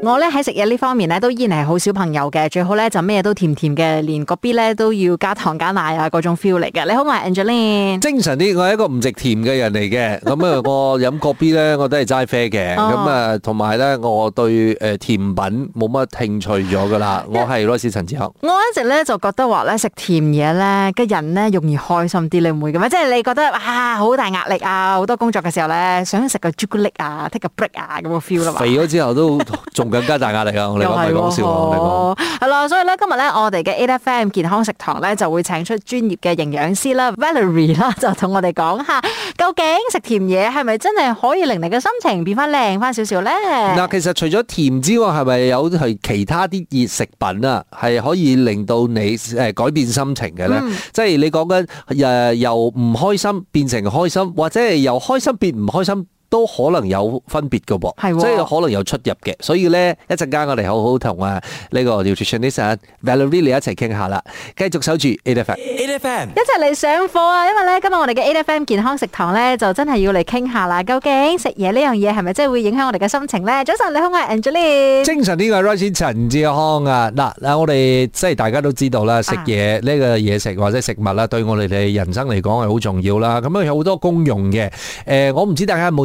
我咧喺食嘢呢方面咧都依然係好小朋友嘅，最好咧就咩都甜甜嘅，連咖啡咧都要加糖加奶啊嗰種 feel 嚟嘅。你好 Angel，我係 Angeline。精神啲，我係一個唔食甜嘅人嚟嘅。咁啊、oh.，我飲咖啡咧我都係齋啡嘅。咁啊，同埋咧，我對誒甜品冇乜興趣咗噶啦。我係 Rossy 陳志豪。 我一直咧就覺得話咧食甜嘢咧嘅人咧容易開心啲，你會唔會噶？即係你覺得啊好大壓力啊，好多工作嘅時候咧想食個朱古力啊，take 個 break 啊咁嘅 feel 啦嘛。Fe 肥咗之後都 更加大壓力啊！我哋講唔係講笑啊！你講係啦，所以咧今日咧，我哋嘅 Eight FM 健康食堂咧就會請出專業嘅營養師啦，Valerie 啦，就同我哋講下究竟食甜嘢係咪真係可以令你嘅心情變翻靚翻少少咧？嗱，其實除咗甜之外，係咪有係其他啲熱食品啊，係可以令到你誒改變心情嘅咧？即係你講緊誒由唔開心變成開心，或者係由開心變唔開心。都可能有分別嘅噃，即係可能有出入嘅。所以咧，一陣間我哋好好同啊呢個營養師 Valerie 嚟一齊傾下啦。繼續守住 A F M A F M，一齊嚟上課啊！因為咧，今日我哋嘅 A F M 健康食堂咧，就真係要嚟傾下啦。究竟食嘢呢樣嘢係咪真係會影響我哋嘅心情咧？早晨，你好，我係 Angela。精神呢個係 Rising 陳志康啊。嗱，我哋即係大家都知道啦，食嘢呢個嘢食或者食物啦，對我哋哋人生嚟講係好重要啦。咁樣有好多功用嘅。誒，我唔知大家有冇。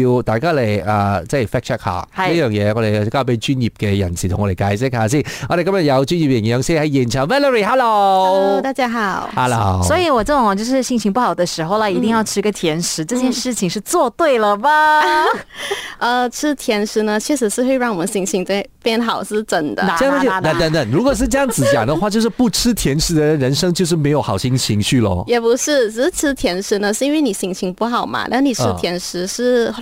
要大家嚟啊，呃，即係 fact check 一下呢是樣嘢，我哋交俾專業嘅人士同我哋解釋下先。我哋今日有專業營養師喺現場 ，Valerie，hello，hello，大家好，hello。所以我這種就是心情不好的時候咧，一定要吃個甜食，嗯，這件事情是做對了吧？ 呃，吃甜食呢，確實是會讓我們心情對變好，是真的。那等等，如果是這樣子講的話， 就是不吃甜食的人生就是沒有好心情緒咯。也不是，只是吃甜食呢，是因為你心情不好嘛，那你吃甜食是。嗯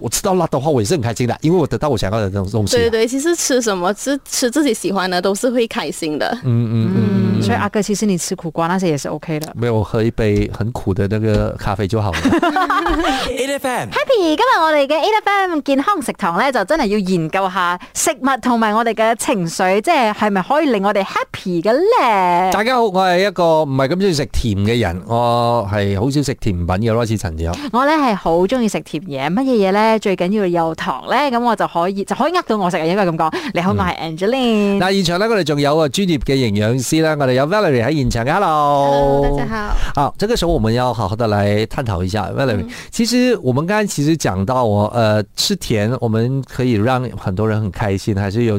我吃到辣嘅話，我也是很開心的，因為我得到我想要的東西。對對，其實吃什麼，吃吃自己喜歡嘅，都是會開心的。嗯嗯嗯，嗯嗯所以阿哥，其實你吃苦瓜那些也是 OK 的。沒有，我喝一杯很苦的那個咖啡就好了。A F M Happy，今日我哋嘅 A F M 健康食堂咧，就真係要研究下食物同埋我哋嘅情緒，即係係咪可以令我哋 happy 嘅咧？大家好，我係一個唔係咁中意食甜嘅人，我係好少食甜品嘅咯，似陳子。我咧係好中意食甜嘢，乜嘢嘢咧？最緊要有糖呢，咁我就可以就可以呃到我食啊，應該咁講，你好、嗯我，我係 Angeline。嗱，現場呢我哋仲有啊專業嘅營養師啦，我哋有 Valerie 喺現場，Hello。Hello, 大家好。好、啊，這個時候我們要好好的來探討一下，Valerie。嗯、其實我們剛才其實講到我，呃，吃甜我們可以讓很多人很開心，還是有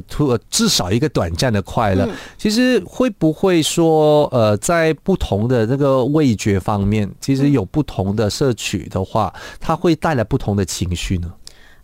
至少一個短暫的快樂。其實會不會說，呃，在不同的這個味覺方面，其實有不同的攝取的話，它會帶來不同的情緒。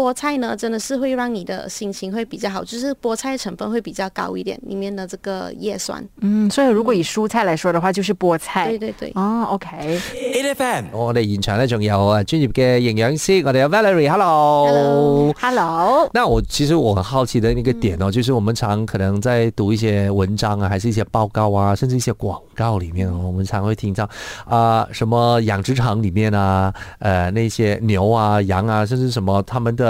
菠菜呢，真的是會讓你的心情會比較好，就是菠菜成分會比較高一點，裡面的這個葉酸。嗯，所以如果以蔬菜來說的話，嗯、就是菠菜。對對對。哦、oh，OK。Elephant Fan，我哋現場咧，仲有啊專業嘅營養師，我哋有 Valerie，Hello。Hello。Hello。Hello 那我其實我很好奇嘅一個點哦，嗯、就是我們常可能在讀一些文章啊，還是一些報告啊，甚至一些廣告裡面我們常會聽到啊、呃，什麼養殖場裡面啊，呃，那些牛啊、羊啊，甚至什麼他們的。